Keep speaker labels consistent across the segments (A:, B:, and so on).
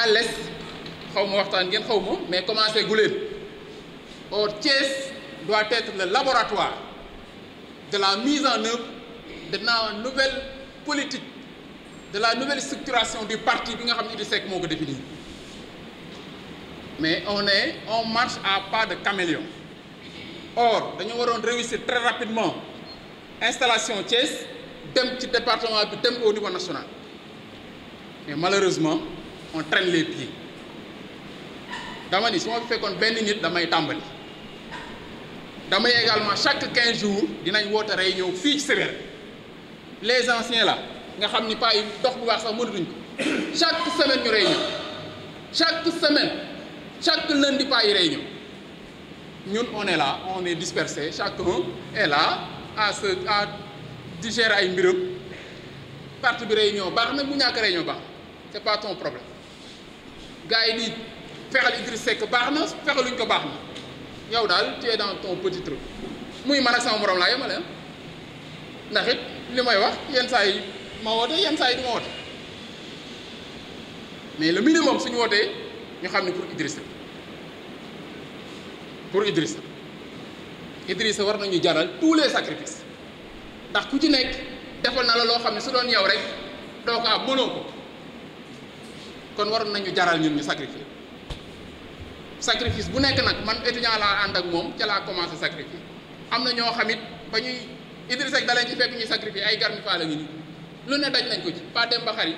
A: à xaw ma waxtaan ngeen xaw ma mais commencé gu leen or Thiès doit être le laboratoire de la mise en œuvre de la nouvelle politique de la nouvelle structuration du parti bi nga xam ni Idrissa Seck moo ko définir mais on est on marche à pas de caméléon or dañu waroon réussir très rapidement installation Thiès dem ci département bi dem au niveau national malheureusement on traîne le pieds dama ni su ma fekkoon benn nit damay tàmbali damay également chaque quinze jours dinañ woote rey réunion fii ci Sévère les anciens la nga xam ni pas yi dox bu baax sax mënatuñ ko chaque semaine ñu réunion chaque semaine chaque lundi pas yi réunion ñun on est là on est dispersé chacun est là à se à digérer ay mbiram parti bi réunion baax na bu ñàkk réunion baax c'est pas ton problème gars yi di fexal Idriss Seck baax na fexaluñ ko baax na yow daal te es dans ton petit truc muy man ak sama morom laa yemale ah. ndax it li may wax yenn saa yi ma woote yenn saa yi du ma mais le minimum suñu wootee ñu xam ne pour Idriss pour Idriss Idriss war nañu jaral tous les sacrifices ndax ku ci nekk defal na la loo xam ne su doon yow rek doo ko am mënoo ko. kon waroon nañu jaral ñun ñu sacrifier sacrifice bu nekk nag man étudiant laa ànd ak moom ca laa commencé sacrifier am na ñoo xamit ba ñuy Idriss Seck da leen ci fekk ñuy sacrifier ay garmi faa la ngi ni lu ne daj nañ ko ci pas dem ba xarit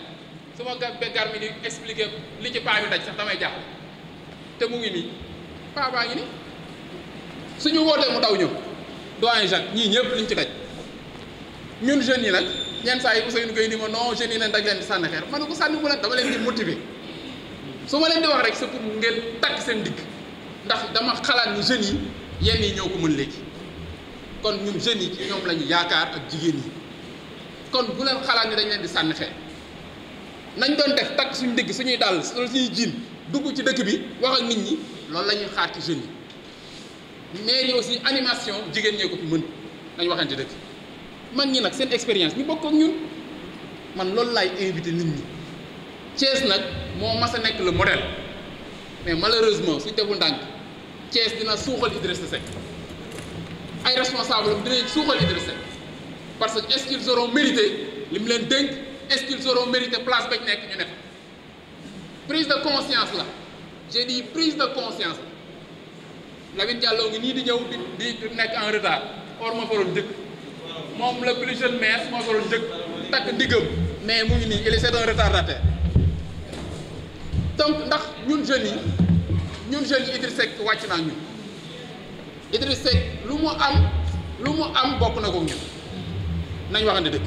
A: su ma garmi di expliquer li ci paa yu daj sax damay jàpp te mu ngi nii paa baa ngi ni suñu wootee mu daw ñëw doyen Jacques ñii ñëpp liñ ci daj ñun jeunes yi nag ñenn saa yi Ousseynou yi leen daj leen di sànni xeer ne ko su ma leen di wax rek c'est pour ngeen takk seen dikk ndax dama xalaat ñu jeunes yi yenn yi ñoo ko mën léegi kon ñun jeunes yi ci ñoom la yaakaar ak jigéen yi kon bu leen xalaat ni dañ leen di sànni xee nañ doon def takk suñu dëgg suñuy dàll suñuy jiin dugg ci dëkk bi wax ak nit ñi loolu la ñuy xaar ci jeunes yi mais yi aussi animation jigéen ñee ko fi mën nañ waxante dëkk man ñi nag seen expérience ñu bokk ak ñun man loolu laay invité nit ñi Thiès nag. moo ma a nekk le modèle mais malheureusement suñ deful ndànk Thiès dina suuxal Idrissa Seck ay responsable am dinañ suuxal Idrissa parce que est-ce qu'ils li mu leen dénk est-ce qu'ils auront mérité place bañ nekk ñu ne prise de conscience la j'ai dit prise de conscience la Lamine Diallo ngi nii di ñëw di di nekk en retard or moo faroon njëkk moom le plus jeune maire moo faroon njëkk takk ndiggam mais mu ngi nii il est un retardataire donc ndax ñun jeunes yi ñun jeunes yi wàcc naa ñun Idriss Seck lu mu am lu mu am bokk na ko ñun nañ waxante dëkk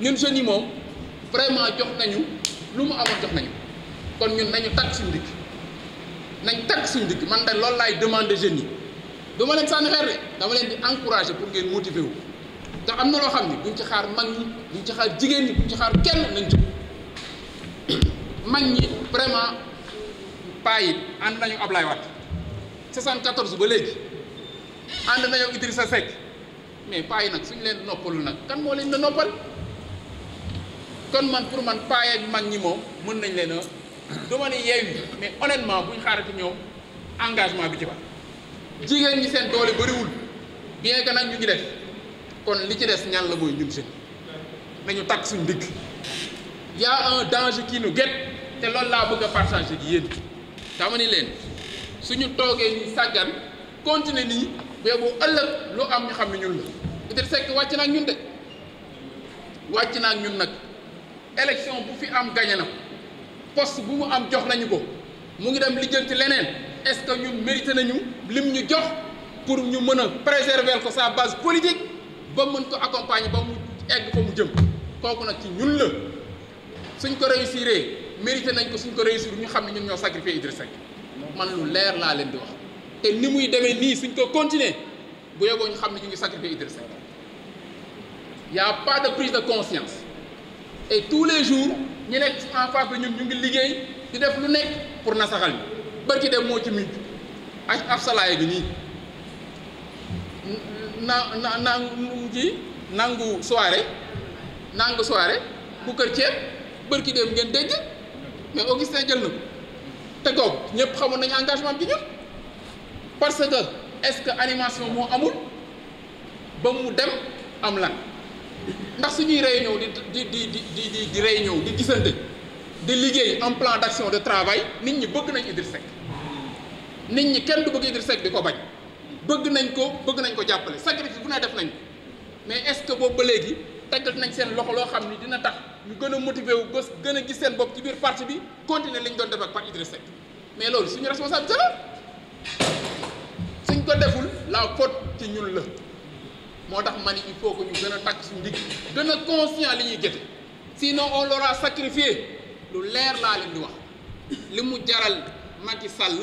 A: ñun jeunes yi moom vraiment jox nañu lu mu amoon jox nañu kon ñun nañu takk suñu dëkk nañ takk suñu dëkk man de loolu laay demander jeunes yi duma leen sànni xeer dama leen di encourager pour ngeen motiver wu ndax am na loo xam ne duñ ci xaar mag ñi duñ ci xaar jigéen ñi duñ ci xaar kenn nañ jóg mag ñi vraiment paa yi ànd nañu Ablaye Wade 74 ba léegi ànd nañu sa Seck mais paa nag suñu leen noppalu nag kan moo leen na noppal kon man pour man paa yeeg mag ñi moom mën nañ leen a dama ne yeewu mais honnêtement buñ xaarati ñoom engagement bi ci ba jigéen ñi seen doole bëriwul bien que nag ñu ngi def kon li ci des ñan la mooy ñun seen nañu takk suñu digg y un danger qui nous guette te loolu laa bëgg a partager gi yéen. dama ni leen suñu toogee nii sàggan continuer nii bee bu ëllëg lu am ñu xam ne ñun la Idrissa Seck wàcc naak ñun de wàcc naak ñun nag élection bu fi am gañe na poste bu mu am jox nañu ko mu ngi dem lijjanti leneen est-ce que ñun mérité nañu lim ñu jox pour ñu mën a préserver ko sa base politique ba mën ko accompagner ba mu egg fa mu jëm kooku nag ci ñun la suñ ko réussiree mérité nañ ko suñ ko réussir ñu xam ne ñun ñoo sacrifié Idrissa Seck man lu leer laa leen di wax te ni muy demee nii suñ ko continuer bu yeboo ñu xam ne ñu ngi sacrifié Idrissa Seck y' a pas de prise de conscience et tous les jours ñu nekk en face de ñun ñu ngi liggéey di def lu nekk pour nasaxal ñu bërki dem moo ci mujj ak ab gi nii na na nangu ci nangu soirée nangu soirée bu kër ceeb bërki dem ngeen dégg mais Augustin gis na ko te kooku ñëpp xamoon nañu engagement bi ñun parce que est-ce que animation moo amul ba mu dem am lan ndax suñuy réunion di di di di di di réunion di gisante di liggéey en plan d'action de travail nit ñi bëgg nañ Idriss Seck nit ñi kenn du bëgg Idriss Seck di ko bañ bëgg nañ ko bëgg nañ ko jàppale sacrifice bu ne def nañ mais est que boobu ba léegi taggat nañ seen loxo loo xam ni dina tax. ñu gën a motivé wu gës gën a gis seen bopp ci biir parti bi continuer li ñu doon def ak Pape Idriss mais loolu suñu responsabilité la suñ ko deful la faute ci ñun la moo tax ma ni il faut que ñu gën a takk suñu ndig gën a conscient li ñuy géte sinon on l'aura sacrifié lu leer laa leen di wax li mu jaral Macky Sall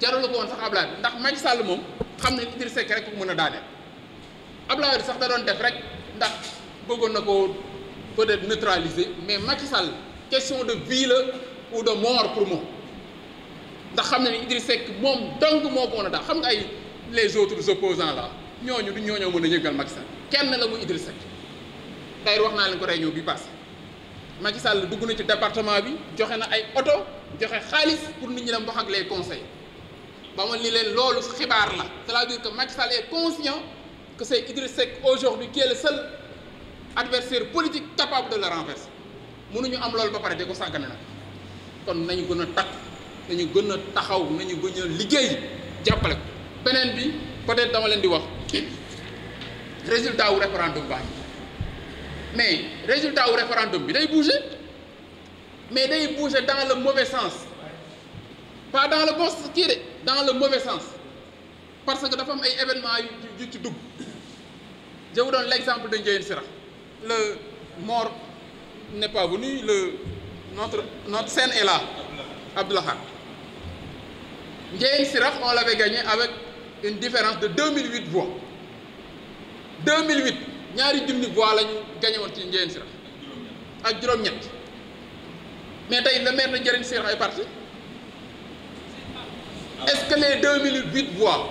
A: jaralu ko woon sax Ablaye ndax Macky Sall moom xam ne Idriss Seck rek ku mën a daaneel Ablaye sax da doon def rek ndax bëggoon na ko peut-être neutraliser mais Macky Sall question de vie la ou de mort pour moom ndax xam na ni Idriss Seck moom donc moo ko mën a daal xam nga ay les autres opposants là ñooñu du ñooñoo mën a yëngal Macky Sall kenn la muy Idriss Seck tey wax naa leen ko rey réunion bi passé Macky Sall dugg na ci département bi joxe na ay oto joxe xaalis pour nit ñi dem wax ak les conseils ba ma ni leen loolu xibaar la c'est-à-dire que Macky Sall est conscient que c'est Idriss Seck aujourd'hui qui est adversaire politique capable de le renverser mënuñu am loolu ba pare de ko sàggane nag kon nañu gën a takk nañu gën a taxaw nañu gën a liggéey jàppale ko beneen bi peut-être dama leen di wax résultat wu référendum baa ngi mais résultat wu référendum bi day bouger mais day bouger dans le mauvais sens pas le bon kii dans le mauvais sens parce que dafa am ay événements yu yu ci dugg jëw vous donne l'exemple de Ndiéyène Sirah le mort n'est pas venu le notre notre scène est là Abdoulahan Ndiéyène Sirakh on l'avait gagné avec une différence de 2008 voix 2008 ñaari junni voix lañu gagné ci Ndiéyène Sirakh ak juróom-ñett mais tey le maire de Ndiéyène Sirakh est parti est-ce que les 2008 voix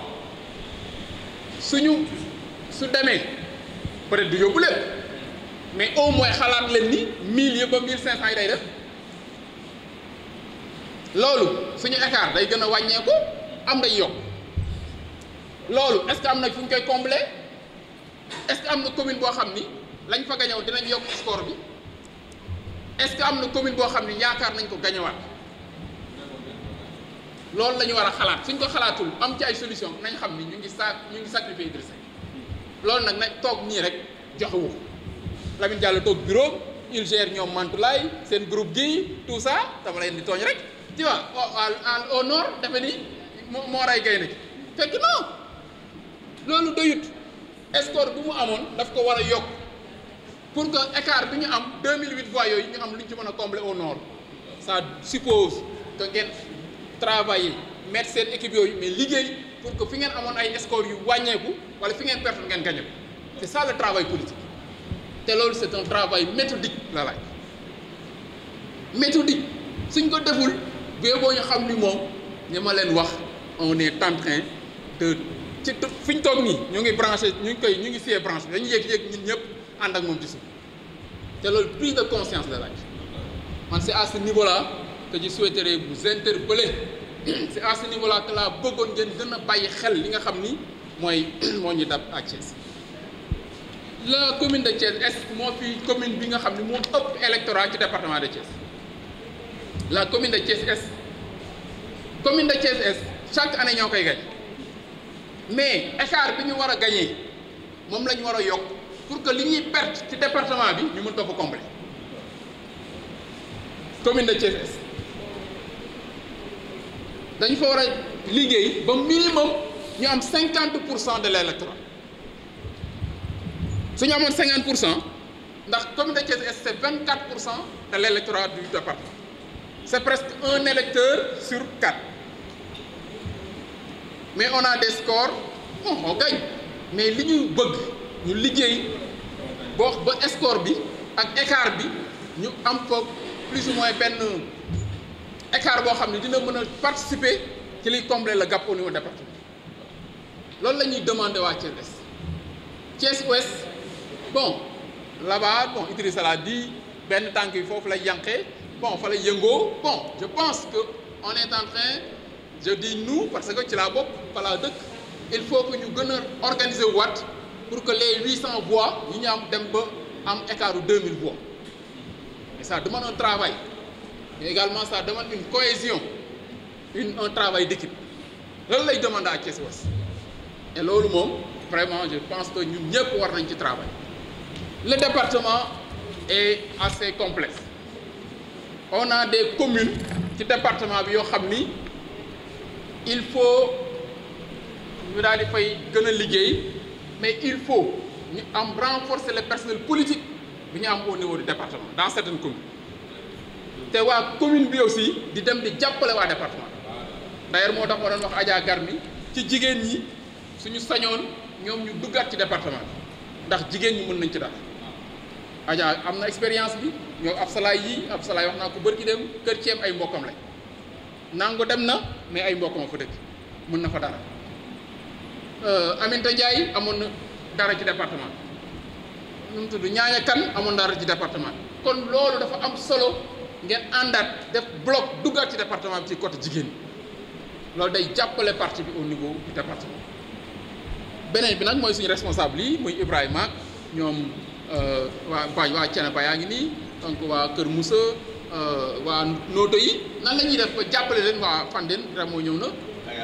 A: suñu su demee peut-être du yóbbu lépp mais au moins xalaat leen ni mille yëpp ba mille cinq cent yi day def loolu suñu écart day gën a wàññeeku am nañ yokk loolu est-ce que am na fu ñu koy est-ce que am na commune boo xam ni lañ fa gañoon dinañ yokk score bi est-ce que am na commune boo xam ni yaakaar nañ ko gañowaat loolu la war a xalaat suñ ko xalaatul am ci ay solution nañ xam ni ñu ngi sa ñu ngi sacrifier Idrissa loolu nag nañ toog nii rek joxewu ko Lamine Diallo toog bureau il gère ñoom Mantoulaye seen groupe gi tout ça dama leen di tooñ rek tu vois au au nord dafa ni moo moo ay gaynde gi fekk non loolu doyut score bi mu amoon daf ko war a yokk pour que écart bi ñu am 2008 voix yooyu ñu am lu ñu ci mën a combler au nord ça suppose que ngeen travailler mettre seen équipe yooyu mais liggéey pour que fi ngeen amoon ay score yu wàññeeku wala fi ngeen perte ngeen gagné ko c'est ça le te loolu c'est un travail méthodique la laaj méthodique suñ ko deful bee boo ñu xam ni moom ñi ma leen wax on est en train de ci fi ñu toog nii ñu ngi branché ñu ngi koy ñu ngi fiyee branché dañu yéeg-yéeg ñun ñëpp ànd ak moom ci suuf te loolu prise de conscience la laaj man c'est à ce niveau là que je souhaiterais vous interpeller c'est à ce niveau là que laa bëggoon ngeen gën a bàyyi xel li nga xam ni mooy moo ñu dab ak la commune de Thiès est moo fi commune bi nga xam ne moom ëpp électorat ci département de Thiès la commune de Thiès est commune de Thiès est chaque année ñoo koy gañ mais écart bi ñu war a gañee moom la war a yokk pour que li ñuy perte ci département bi ñu mën ko fa combler commune de Thiès est dañu fa war a liggéey ba minimum ñu am cinquante pour cent de l' électorat su ñu amoon 50 pour cent ndax comité Thiès Est c'est pour cent de l'électorat du département c'est presque un électeur sur quatre mais on a des scores bon on mais li ñu bëgg ñu liggéey boo ba score bi ak écart bi ñu am foofu plus ou moins benn écart boo xam ne dina mën a participer ci liy combler le gap au niveau département loolu la ñuy demander waa Thiès Est Thiès Ouest bon là-bas bon Idrissa l'a di benn tànk yi foofu lay yànqee bon fa lay yëngoo bon je pense que on est en train je dis nous parce que ci laa bopp fa laa dëkk il faut que ñu gën a organiser waat pour que les 800 voix yi ñu am dem ba am écart u 2000 voix et ça demande un travail mais également sa demand une cohésion une un travail d'équipe loolu lay demander à Thiès Ouest et loolu moom vraiment je pense que ñun ñëpp war nañ ci travail Le département est assez complex On a des communes ci département bi yoo xam ni il faut ñu daal di fay gën liggéey mais il faut ñu am renforcer le personnel politique bi ñu am au niveau du département dans certaines communes te waa commune bi aussi di dem di jàppale waa département d'ailleurs moo tax moo doon wax ajaa Adja Garmi ci jigéen ñi suñu sañoon ñoom ñu duggaat ci département bi ndax jigéen ñi mën nañ ci dara Adja am na expérience bi ñoo yii ab salaay wax naa ko bërki dem kër ceeb ay mbokkam lañ nangu dem na mais ay mbokkam fa dëkk mun na fa dara euh, Aminta Ndiaye amoon na dara ci département nu mu tudd ñaaya kan amoon dara ci département kon loolu dafa am solo ngeen àndaat def bloc duggaat ci département bi ci côté jigéen loolu day jàppale parti bi au niveau du département beneen bi nag mooy suñu responsable yi muy Ibrahima ñoom. Euh, waa Mpaañ waa Thiénaba yaa ngi nii donc waa Kër Moussa euh, waa Nooto yi nan la ñuy def ba jàppale leen waa Fandène Ramo ñëw na.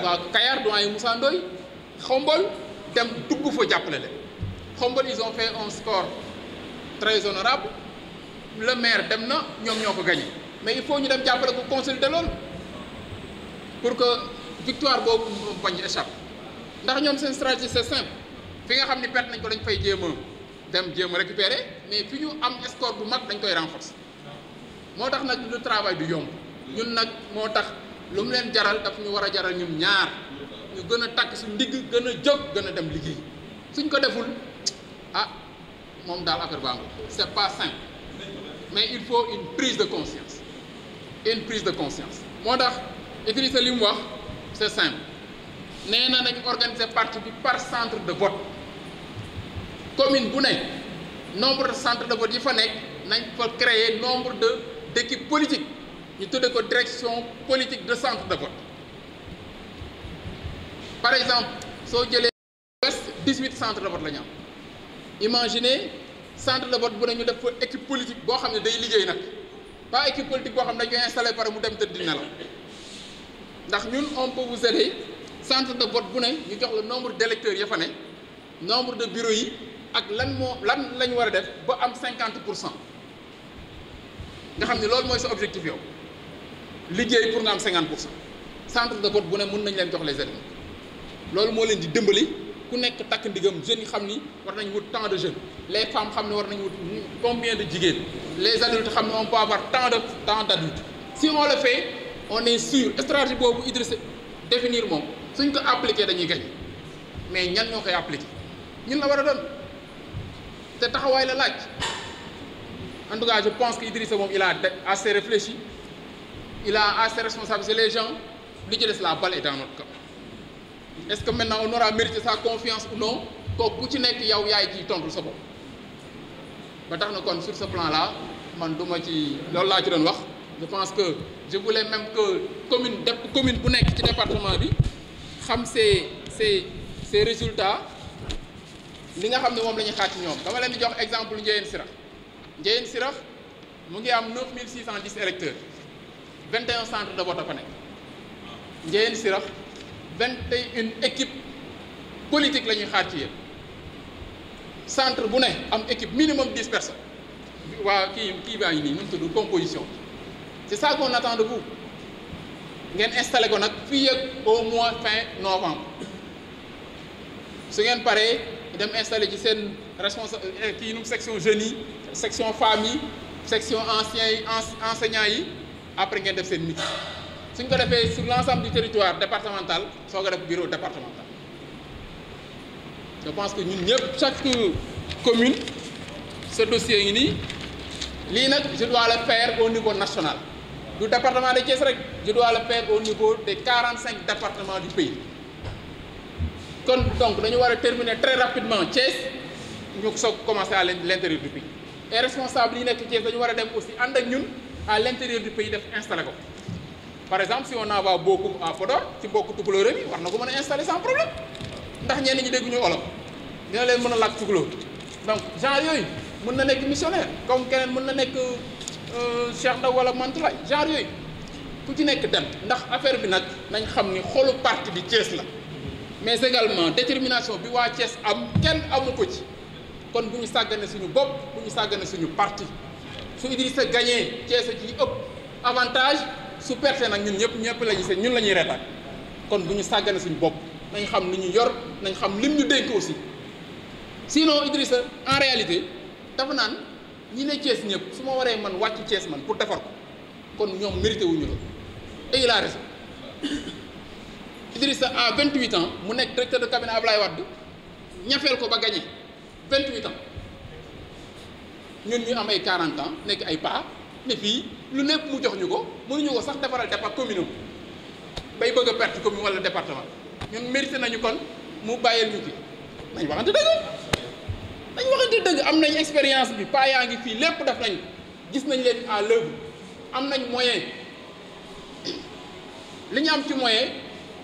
A: waa Kayar doyen Moussa Ndoye Xombol dem dugg fa jàppale leen Xombol ils ont fait un score très honorable le maire dem na ñoom ñoo ko gagné mais il faut ñu dem jàppale ko consolider loolu pour que victoire boobu bañ échappe ndax ñoom seen stratégie c'est simple fi nga xam ni perte nañ ko dañ fay jéem dem jéem a récupérer mais fi ñu am score bu mag dañ koy renforcer moo tax nag lu travail du yomb ñun nag moo tax lu mu leen jaral daf ñu war a jaral ñun ñaar ñu gën a takk suñ ndigg gën a jóg gën a dem liggéey suñ ko deful ah moom daal affaire baa c'est pas simple mais il faut une prise de conscience une prise de conscience moo tax Idrissa li mu wax c'est simple nee na nañ organiser parti bi par centre de vote commune bu nekk nombre de centre de vote yi fa nekk nañ fa créer nombre de d'équipe politique ñu tudde ko direction politique de centre de vote par exemple soo jëlee ouest 18 centre de vote lañu am imaginez centre de vote bu ne ñu def fa équipe politique boo xam ne day liggéey nag pas équipe politique boo xam ne dañ koy installé pare mu dem tëdd di nelaw ndax ñun on peut vous aider centre de vote bu ne ñu jox la nombre d'électeurs ya fa ne nombre de bureaux yi ak lan moo lan lañu war a def ba am cinquante pour cent nga xam ni loolu mooy sa objectif yow liggéey pour nga am cinquante pour cent centre de vote bu ne mun nañ leen jox les éléments loolu moo leen di dimbali ku nekk takk ndigam jeunes yi xam ni war nañ wut tant de jeune les femmes xam ne war nañ wut combien de jigéen les adultes xam ne on peut avoir tant de temps d' adultes si on le fait on est sûr stratégie boobu Idrissa définir moom suñ ko appliquer dañuy gañ mais ñan ñoo koy appliqué te taxawaay la laaj en tout cas je pense que Idrissa moom il a assez réfléchi il a assez responsabilisé les gens li ci des la balle est dans notre est-ce que maintenant on aura mérité sa confiance ou non kooku ku ci nekk yow yaay ciy tontu sa bopp ba tax na kon sur ce plan là man du ma ci loolu laa ci doon wax je pense que je voulais même que commune dep commune bu nekk ci département bi xam ses ses ses résultat li nga xam ne moom lañuy ñu xaaj ci ñoom dama leen di jox exemple Ndiéyène sira Ndiéyène sira mu ngi am 9610 électeurs 21 centre de vote a fa nekk Ndiéyène Sirax 21 équipe politique la ñuy xaaj ci yéen centre bu ne am équipe minimum 10 personnes waa kii kii baa ngi nii nu mu tudd composition c'est ça qu'on attend de vous ngeen installé ko nag fii yëg au moins fin novembre su ngeen paree. dem installé ci seen responsable eh, kii num section jeunes yi section femmes yi section anciens yi enseignants yi après ngeen def seen meeting suñ ko defee sur l' ensemble du territoire départemental soo ko def bureau départemental je pense que ñun ñëpp chaque commune ce dossier ngi nii lii nag je dois le faire au niveau national du département de Thiès rek je dois le faire au niveau des quarante cinq départements du pays kon donc dañu war a terminer très rapidement Thiès ñu soog commencer à l'intérieur du pays et responsable yi nekk Thiès dañu war a dem aussi ànd ak ñun à l'intérieur du pays def installer ko par exemple si on envoie Bokum à Podor ci mbokku tukulóor yi war na ko mën a installer sans problème ndax ñenn ñi dégguñu olof dina leen mën a làkk tukulóor donc genre yooyu mën na nekk missionnaire comme keneen mën na nekk euh, Cheikh Ndaw wala Mantulaay genre yooyu ku ci nekk dem ndax affaire bi nag nañ xam ni xolu parti bi Thiès la. mais également détermination bi waa cees am kenn amu ko ci kon bu ñu sàggane suñu bopp bu ñu sàggane suñu parti su Idrissa gañee Thiès a ci ëpp avantage su perte nag ñun ñëpp ñëpp la ñuy ñun la ñuy reetaan kon bu ñu sàggane suñu bopp nañ xam li ñu yor nañ xam lim ñu si aussi sinon Idrissa en réalité dafa naan ñi ne cees ñëpp su ma waree man wàcc cees man pour defar ko kon ñoom mérité wuñu la et il a raison Idrissa à 28 ans mu nekk directeur de cabinet Ablaye Wade ñafeel ko ba gagné 28 ans ñun ñu am ay 40 ans nekk ay paa ne fii lu nekk mu jox ñu ko mënuñu ko sax defaral départ commune bay bëgg a perte commune walla département ñun mérité nañu kon mu bàyyil ñu ki nañ waxante dëgg nañ waxante dëgg am nañ expérience bi paa yaa ngi fii lépp def nañ gis nañ leen à l'œuvre am nañ moyen li ñu am ci moyen.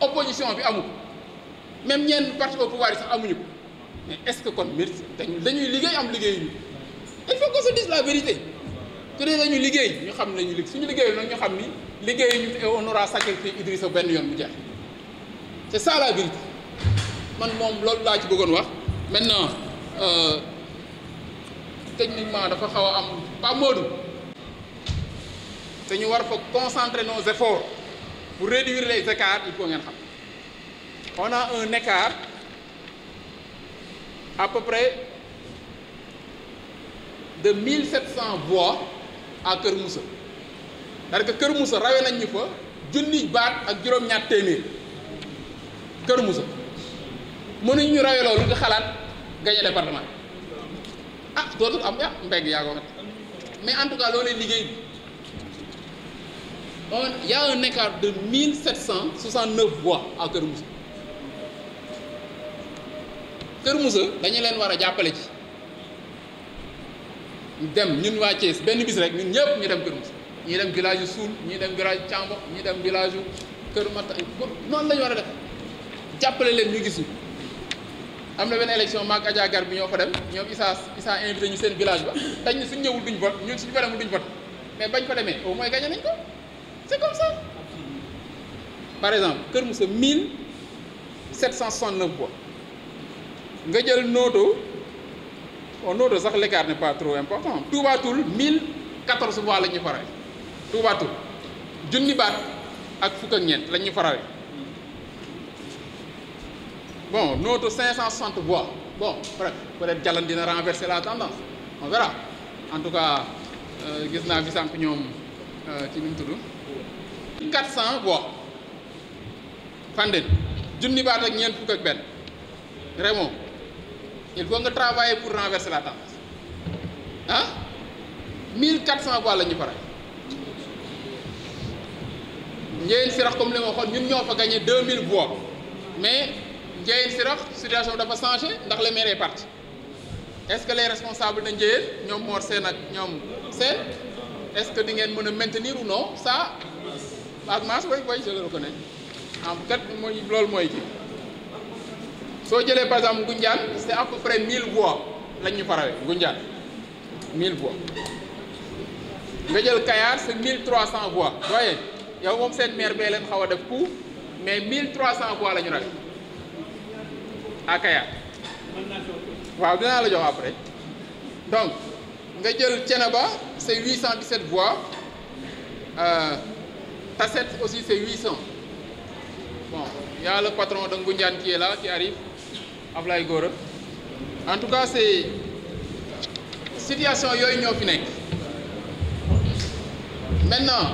A: opposition bi amul même ñenn parti au pouvoir yi sax amuñu ko mais est-ce que kon mérite dañuy dañuy liggéey am liggéeyuñu il faut qu'on se dise la vérité que ne liggéey ñu xam ne ñu liggéey suñu liggéey nag ñu xam ni liggéeyuñu te on aura sacrifié Idrissa benn yoon bu jeex c'est ça la vérité man moom loolu laa ci bëggoon wax maintenant euh, techniquement dafa xaw a am pas Modou te ñu war fa concentrer nos efforts. pour réduire les écarts il faut ngeen xam on a un écart à peu près de 1700 voix à Kër Moussa parce que Kër Moussa rawe nañ ñu fa junni baat ak juróom-ñaar téeméer Kër Moussa mënuñ ñu rawee loolu nga xalaat gañe département ah dootul am ah mbégg yaa ko mais en tout cas liggéey bi. on il y a un écart de 1769 voix à Kër Moussa Kër Moussa dañu leen war a jàppale ci dem ñun waa Thiès benn bis rek ñun ñëpp ñu dem Kër Moussa ñii dem village yu Suul ñii dem village yu Thiambo ñii dem village yu Kër Mata noonu la ñu war a def jàppale leen ñu gis ñu am na benn élection maag Adja bi ñoo fa dem ñoo Issa Issa invité ñu seen village ba dañ ne suñ ñëwul duñ vote ñu suñu fa demul duñ vote mais bañ ko demee au moins gagné nañ ko. c'est comme ça par exemple Kër Moussa 1769 voix nga jël Noto bon Noto sax l'écart n'est pas trop important Touba Toul 1014 voix la ñuy faral Touba Toul junni baat ak fukk ak ñeent la ñuy faral bon Noto 560 voix bon bref peut-être Jalan dina renverser la tendance on verra en tout cas euh, gis naa fi sànq ñoom ci nu mu quatre cent boo fanden junni baat ak ñeent fukk ak benn vraiment il faut nga travailler pour renverser la tendance ah mille quatre cent voix la ñu pare njëyeen sirax comme li ma waxoon ñun ñoo fa gagné deux mille voix mais njëyeen sirax situation dafa changé ndax le maire est parti est ce que les responsables de njëyeen ñoom Mor Sène ñoom Sène est ce que di ngeen mën a maintenir ou non ça la masse oui oui je ko ne en fait mooy loolu mooy kii soo jëlee par exemple Ngoundiane c'est à peu près 1000 voix lañ ñu farawee Ngoundiane 1000 voix nga jël Kayar c'est 1300 voix doyee yow moom seen maire bee leen xaw a def coup mais 1300 voix la ñu rawee à Kayar waaw dinaa la jox après donc nga jël Thiénaba c'est 817 voix. Euh, Tasset aussi c'est 800. Bon, il y a le patron de Ngundian qui est là, qui arrive, Ablaye Gora. En tout cas, c'est situation yooyu ñoo fi nekk. Maintenant,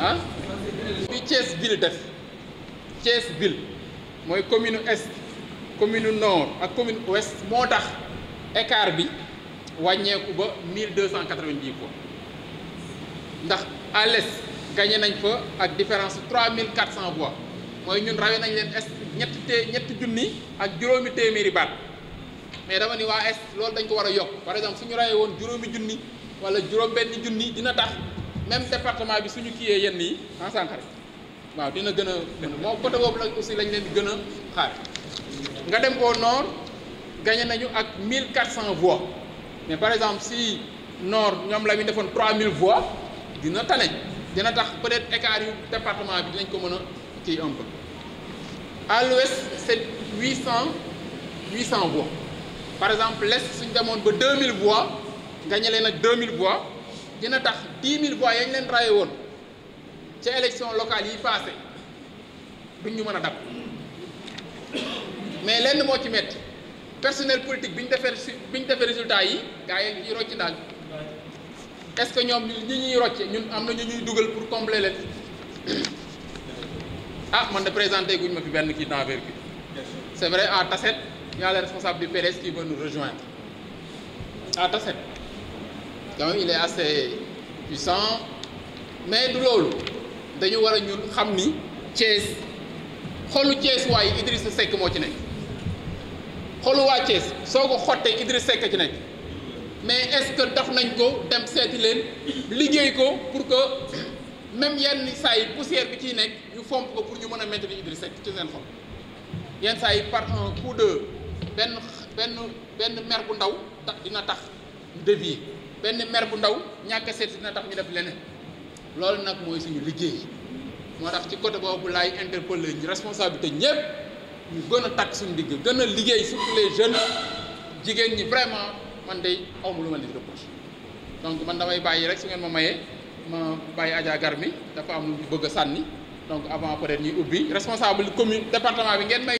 A: ah bi Thiès ville def Thiès ville mooy commune est commune nord ak commune ouest moo tax écart bi wàññeeku ba 1290 fois ndax à gagné nañ fa ak différence trois mille quatre cent voix mooy ñun rawee nañ leen est ñetti té ñetti junni ak juróomi téeméeri baat mais dama ni waa est loolu dañ ko war a yokk par exemple suñu rawee woon juróomi junni wala juróom-benn junni dina tax même département bi suñu kiiyee yenn yi en Sankharé waaw dina gën a moom côté boobu la aussi lañ leen di gën a xaar nga dem koo nord gagné nañu ak mille quatre cent voix mais par exemple si nord ñoom la ñu defoon trois mille voix dina tane dina tax peut-être écart yu département bi dinañ ko mën a kii un peu à l'ouest c'est huit cent huit cent voix par exemple les suñ demoon ba deux mille voix nga leen ak deux mille bois dina tax dix mille voix yañ leen raye woon ca élection locale yi passé duñ ñu mën a dab mais lenn moo ci metti personnel politique bi ñu defee bi ñu defee résultat yi gars yi ñu rocc daal est-ce que ñoom ñi ñuy rocce ñun am na ñu ñuy dugal pour combler leen ah man de présenté guñ ma fi benn kii d'envergure c'est vrai à Tassette y a le responsable du PDS qui veut nous rejoindre à Tassette quand même il est assez puissant mais du loolu dañu war a ñun xam ni Thiès xolu Thiès waaye Idrissa Seck moo ci nekk xolu waa Thiès soo ko xottee Idrissa Seck ci nekk mais est-ce que tax nañ ko dem seeti leen liggéey ko pour que même yenn saa yi poussière bi ci nekk ñu fomp ko pour ñu mën a maintenir Idriss Seck ci seen xol yenn saa yi par un coup de benn benn benn mer bu ndaw tax dina tax ñu benn mer bu ndaw ñàkk a seet dina tax ñu def leneen loolu nag mooy suñu liggéey moo tax ci côté boobu laay interpeller ñu responsabilité ñëpp ñu gën a takk suñu digg gën liggéey surtout les jeunes jigéen ñi vraiment. man de aw ma lu ma leen reproche donc man damay bàyyi rek su ngeen ma mayee ma bàyyi Adja Garmi dafa am lu bëgg sànni donc avant peut ñuy ubbi responsable commune département bi ngeen may.